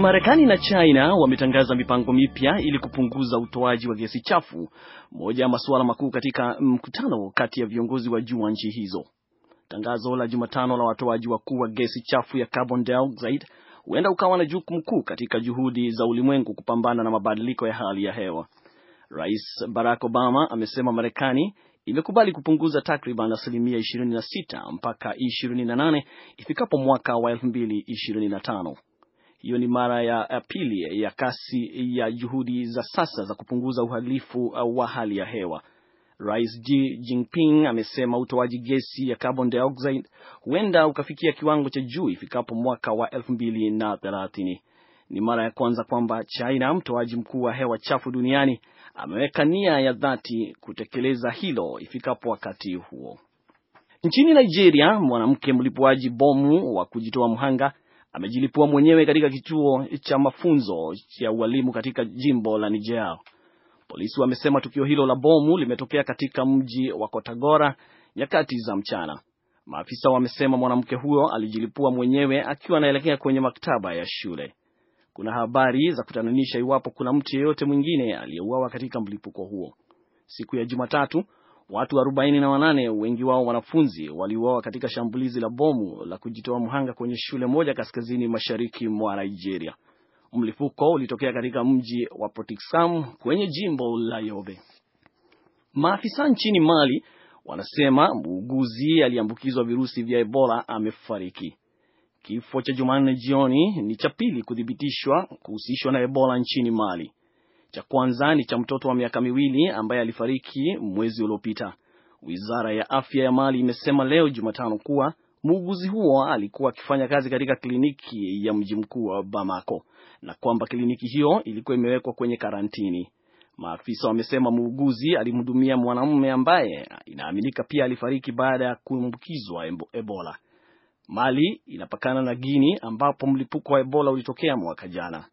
Marekani na China wametangaza mipango mipya ili kupunguza utoaji wa gesi chafu, moja ya masuala makuu katika mkutano kati ya viongozi wa juu wa nchi hizo. Tangazo la Jumatano la watoaji wakuu wa gesi chafu ya carbon dioxide huenda ukawa na jukumu kuu katika juhudi za ulimwengu kupambana na mabadiliko ya hali ya hewa. Rais Barack Obama amesema Marekani imekubali kupunguza takriban asilimia 26 mpaka 28 ifikapo mwaka wa 2025. Hiyo ni mara ya, pili ya kasi ya juhudi za sasa za kupunguza uhalifu uh, wa hali ya hewa. Rais Xi Jinping amesema utoaji gesi ya carbon dioxide huenda ukafikia kiwango cha juu ifikapo mwaka wa 2030. Ni mara ya kwanza kwamba China, mtoaji mkuu wa hewa chafu duniani, ameweka nia ya dhati kutekeleza hilo ifikapo wakati huo. Nchini Nigeria, mwanamke mlipuaji bomu wa kujitoa mhanga amejilipua mwenyewe katika kituo cha mafunzo cha ualimu katika jimbo la Niger. Polisi wamesema tukio hilo la bomu limetokea katika mji wa Kotagora nyakati za mchana. Maafisa wamesema mwanamke huyo alijilipua mwenyewe akiwa anaelekea kwenye maktaba ya shule. Kuna habari za kutatanisha iwapo kuna mtu yeyote mwingine aliyeuawa katika mlipuko huo. Siku ya Jumatatu Watu 48 wengi wao wanafunzi waliuawa katika shambulizi la bomu la kujitoa mhanga kwenye shule moja kaskazini mashariki mwa Nigeria. Mlipuko ulitokea katika mji wa Potiskum kwenye jimbo la Yobe. Maafisa nchini Mali wanasema muuguzi aliyeambukizwa virusi vya Ebola amefariki. Kifo cha Jumanne jioni ni cha pili kuthibitishwa kuhusishwa na Ebola nchini Mali. Cha kwanza ni cha mtoto wa miaka miwili ambaye alifariki mwezi uliopita. Wizara ya afya ya Mali imesema leo Jumatano kuwa muuguzi huo alikuwa akifanya kazi katika kliniki ya mji mkuu wa Bamako na kwamba kliniki hiyo ilikuwa imewekwa kwenye karantini. Maafisa wamesema muuguzi alimhudumia mwanamume ambaye inaaminika pia alifariki baada ya kuambukizwa Ebola. Mali inapakana na Guini ambapo mlipuko wa Ebola ulitokea mwaka jana.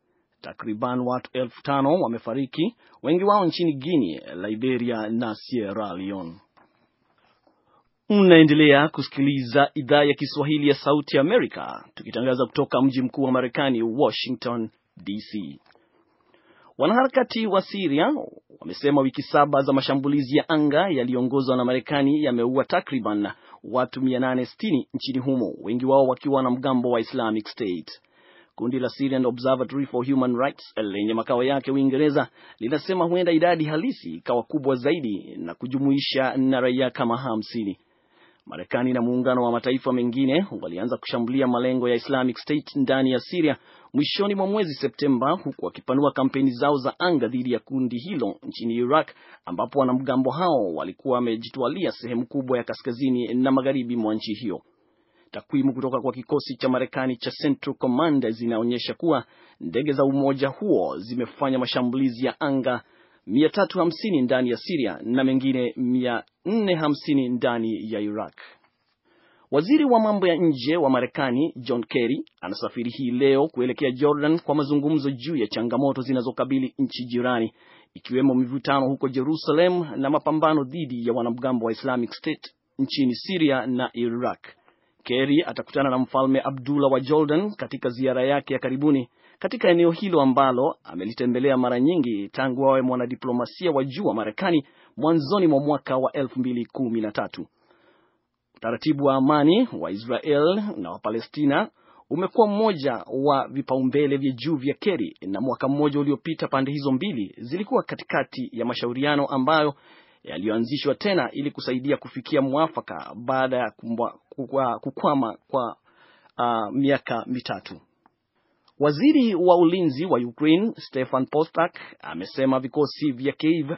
Takriban watu elfu tano wamefariki, wengi wao nchini Guinea, Liberia na Sierra Leone. Mnaendelea kusikiliza idhaa ya Kiswahili ya Sauti ya Amerika, tukitangaza kutoka mji mkuu wa Marekani, Washington DC. Wanaharakati wa Siria wamesema wiki saba za mashambulizi ya anga yaliyoongozwa na Marekani yameua takriban watu 860 nchini humo, wengi wao wakiwa wanamgambo wa Islamic State. Kundi la Syrian Observatory for Human Rights lenye makao yake Uingereza linasema huenda idadi halisi ikawa kubwa zaidi na kujumuisha na raia kama hamsini. Marekani na muungano wa mataifa mengine walianza kushambulia malengo ya Islamic State ndani ya Syria mwishoni mwa mwezi Septemba, huku wakipanua kampeni zao za anga dhidi ya kundi hilo nchini Iraq, ambapo wanamgambo hao walikuwa wamejitwalia sehemu kubwa ya kaskazini na magharibi mwa nchi hiyo. Takwimu kutoka kwa kikosi cha Marekani cha Central Command zinaonyesha kuwa ndege za umoja huo zimefanya mashambulizi ya anga 350 ndani ya Siria na mengine 450 ndani ya Iraq. Waziri wa mambo ya nje wa Marekani John Kerry anasafiri hii leo kuelekea Jordan kwa mazungumzo juu ya changamoto zinazokabili nchi jirani ikiwemo mivutano huko Jerusalem na mapambano dhidi ya wanamgambo wa Islamic State nchini Siria na Iraq. Kerry atakutana na mfalme Abdullah wa Jordan katika ziara yake ya karibuni katika eneo hilo ambalo amelitembelea mara nyingi tangu awe mwanadiplomasia wa juu wa Marekani mwanzoni mwa mwaka wa 2013. Utaratibu wa amani wa Israel na wa Palestina umekuwa mmoja wa vipaumbele vya juu vya Kerry, na mwaka mmoja uliopita pande hizo mbili zilikuwa katikati ya mashauriano ambayo yaliyoanzishwa tena ili kusaidia kufikia mwafaka baada ya kukwama kwa uh, miaka mitatu. Waziri wa ulinzi wa Ukraine Stefan Postak amesema vikosi vya Kiev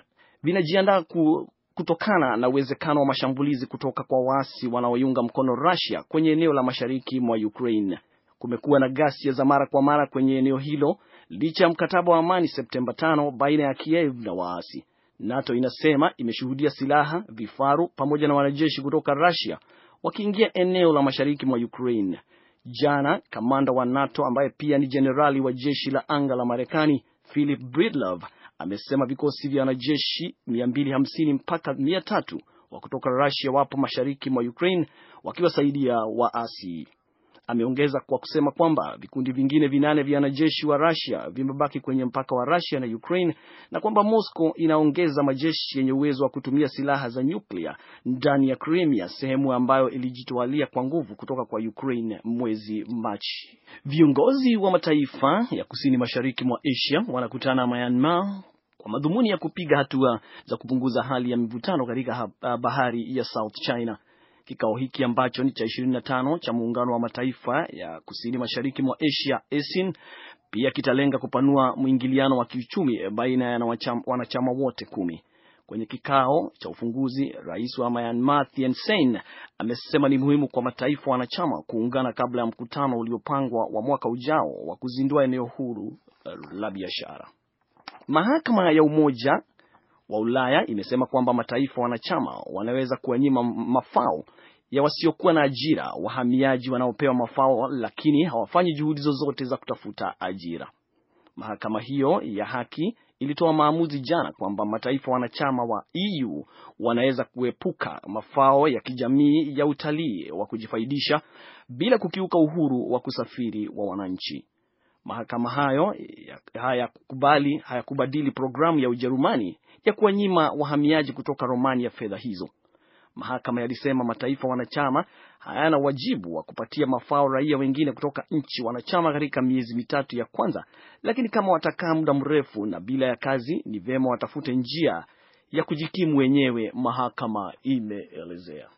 vinajiandaa ku, kutokana na uwezekano wa mashambulizi kutoka kwa waasi wanaoiunga mkono Russia kwenye eneo la mashariki mwa Ukraine. Kumekuwa na ghasia za mara kwa mara kwenye eneo hilo licha ya mkataba wa amani Septemba 5 baina ya Kiev na waasi. NATO inasema imeshuhudia silaha, vifaru pamoja na wanajeshi kutoka Russia wakiingia eneo la mashariki mwa Ukraine. Jana kamanda wa NATO ambaye pia ni jenerali wa jeshi la anga la Marekani Philip Bridlove amesema vikosi vya wanajeshi 250 mpaka 300 wa kutoka Russia wapo mashariki mwa Ukraine wakiwasaidia waasi. Ameongeza kwa kusema kwamba vikundi vingine vinane vya wanajeshi wa Russia vimebaki kwenye mpaka wa Russia na Ukraine na kwamba Moscow inaongeza majeshi yenye uwezo wa kutumia silaha za nyuklia ndani ya Crimea, sehemu ambayo ilijitwalia kwa nguvu kutoka kwa Ukraine mwezi Machi. Viongozi wa mataifa ya kusini mashariki mwa Asia wanakutana Myanmar kwa madhumuni ya kupiga hatua za kupunguza hali ya mivutano katika bahari ya South China. Kikao hiki ambacho ni cha 25 cha muungano wa mataifa ya kusini mashariki mwa Asia ASEAN pia kitalenga kupanua mwingiliano wa kiuchumi baina ya wanachama wote kumi. Kwenye kikao cha ufunguzi, rais wa Myanmar Thein Sein amesema ni muhimu kwa mataifa wanachama kuungana kabla ya mkutano uliopangwa wa mwaka ujao wa kuzindua eneo huru la biashara. Mahakama ya Umoja wa Ulaya imesema kwamba mataifa wanachama wanaweza kuwanyima mafao ya wasiokuwa na ajira wahamiaji wanaopewa mafao, lakini hawafanyi juhudi zozote za kutafuta ajira. Mahakama hiyo ya haki ilitoa maamuzi jana kwamba mataifa wanachama wa EU wanaweza kuepuka mafao ya kijamii ya utalii wa kujifaidisha bila kukiuka uhuru wa kusafiri wa wananchi. Mahakama hayo hayakubali hayakubadili programu ya Ujerumani ya kuwanyima wahamiaji kutoka Romania fedha hizo. Mahakama yalisema mataifa wanachama hayana wajibu wa kupatia mafao raia wengine kutoka nchi wanachama katika miezi mitatu ya kwanza, lakini kama watakaa muda mrefu na bila ya kazi, ni vyema watafute njia ya kujikimu wenyewe, mahakama imeelezea.